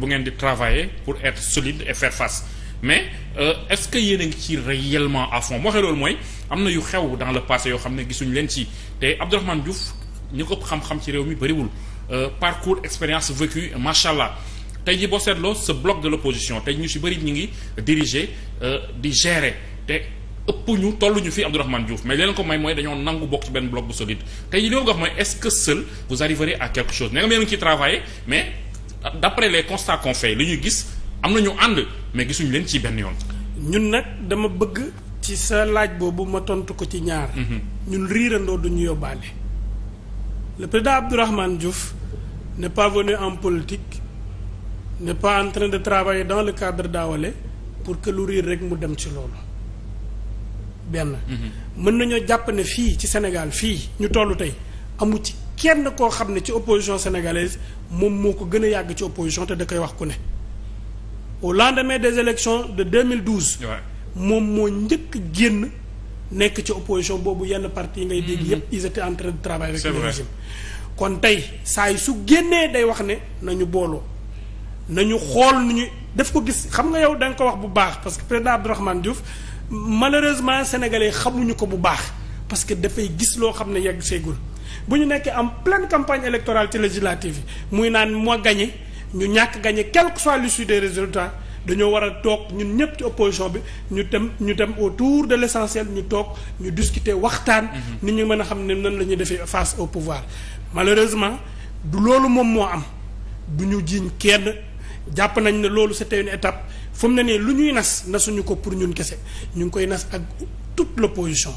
bu ngeen di travailler pour être solide et faire face mais euh, est-ce ngi ci réellement à fond moo waxee mooy am na yu xew dans le passé yoo xam ne gisuñu leen ci te Abdourahmane Diouf ñu ko xam-xam ci réew mi bëriwul euh, parcours expérience vécue macha allah tey ji boo seetloo ce bloc de l'opposition tey ñu si bëri ñu ngi diriger euh, di gérer te. ëpp ñu toll ñu fi Abdourahmane Diouf mais leen ko may mooy dañoo nangu bokk ci benn bloc bu solide tey li d'après les constats qu'on fait gis am na ñu ànd mais gisuñu leen ci benn yoon. ñun nag dama bëgg ci sa laaj boobu ma tontu ko ci ñaar. Mhm. ñun riirandoo duñu yóbbaale. le président Abdourahmane Diouf n'est pas venu en politique ne pas en de travailler dans le cadre d'Awalé pour que lu riir rek mu dem ci loolu. benn. Mhm. mën nañoo jàpp ne fii ci Sénégal fii ñu tollu tey amu ci kenn koo xam ne ci opposition sénégalaise moom moo ko gën a yàgg ci opposition te da koy wax ku ne au lendemain des élections de 2012. moom moo njëkk génn nekk ci opposition boobu yenn parti yi ngay dégg mm-hmm. yépp ils étaient en train de travailler avec le kon tey saa su génnee day wax ne nañu booloo nañu xool nu ñu def ko gis xam nga yow da nga wax bu baax parce que président Abdourahmane Diouf malheureusement sénégalais xamuñu ko bu baax parce que dafay gis loo xam ne yegg seegul bu ñu nekkee am pleine campagne électorale ci législative yi muy naan moo gagné ñu ñàkk gagné quel que soit l'issue des résultats dañoo waral toog ñun ñëpp ci opposition bi ñu dem ñu dem autour de l'essentiel ñu toog ñu discuter waxtaan. Mhm. nit ñu mën a xam ne nan la ñuy defee face au pouvoir malheureusement du loolu moom moo am du ñu jiiñ kenn jàpp nañ ne loolu c'était une étape fu ne nii lu ñuy nas nasuñu ko pour ñun kese ñu ngi koy nas ak toute l'opposition.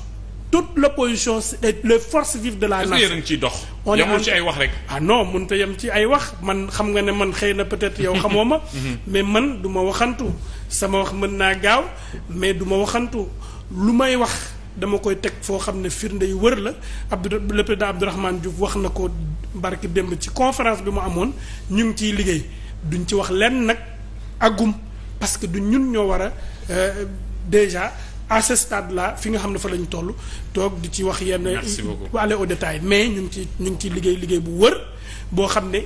toute l'opposition les forces vives de la nation. est-ce que yéen a ngi ciy dox. on yemul ci ay wax rek. ah non mënut a ci ay wax man xam nga ne man xëy na peut-être yow xamoo ma. Mhm. mais man du ma waxantu sama wax mën naa gaaw mais du ma waxantu lu may wax dama koy teg foo xam ne firnde yu wër la Abdou le président Abdourahmane Diouf wax na ko barki démb ci conférence bi mu amoon ñu ngi ciy liggéey duñ ci wax lenn nag agum parce que du ñun ñoo war a euh, déjà. à ce la fi nga xam ne fa lañ toll toog di ci wax yenn aller au détail mais ñu ngi ci ñu ngi ci liggéey liggéey bu wër boo xam ne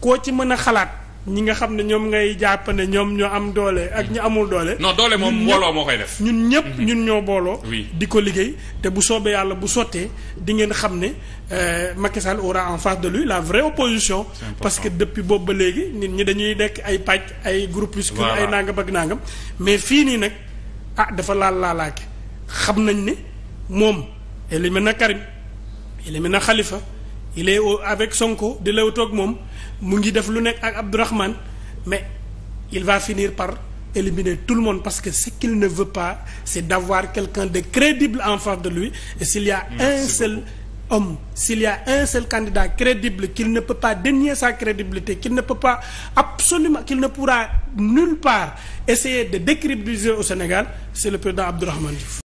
koo ci mën a xalaat ñi nga xam ne ñoom ngay jàpp ne ñoom ñoo am doole ak ñu amul doole. non doole moom mbooloo moo koy def. ñun ñëpp mm-hmm. ñun ñoo booloo. di ko liggéey te bu soobee yàlla bu sottee di ngeen xam ne euh, Macky Sall aura en face de lui la vraie opposition. parce que depuis boobu ba léegi nit ñi dañuy nekk ay pàcc ay groupuscule ay nangam ah dafa laal laalaake xam nañ ni moom élimine na Karim élimine na Khalifa il est avec Sonko di lew toog moom mu ngi def lu nekk ak Abdourahmane mais il va finir par éliminer tout le monde parce que ce qu'il ne veut pas c'est d'avoir quelqu'un de crédible en face de lui et s'il y un seul homme s'il y a un seul candidat crédible qu'il ne peut pas dénier sa crédibilité qu'il ne peut pas absolument qu'il ne pourra nulle part essayer de décrédibiliser au Sénégal c'est le président Abdourahmane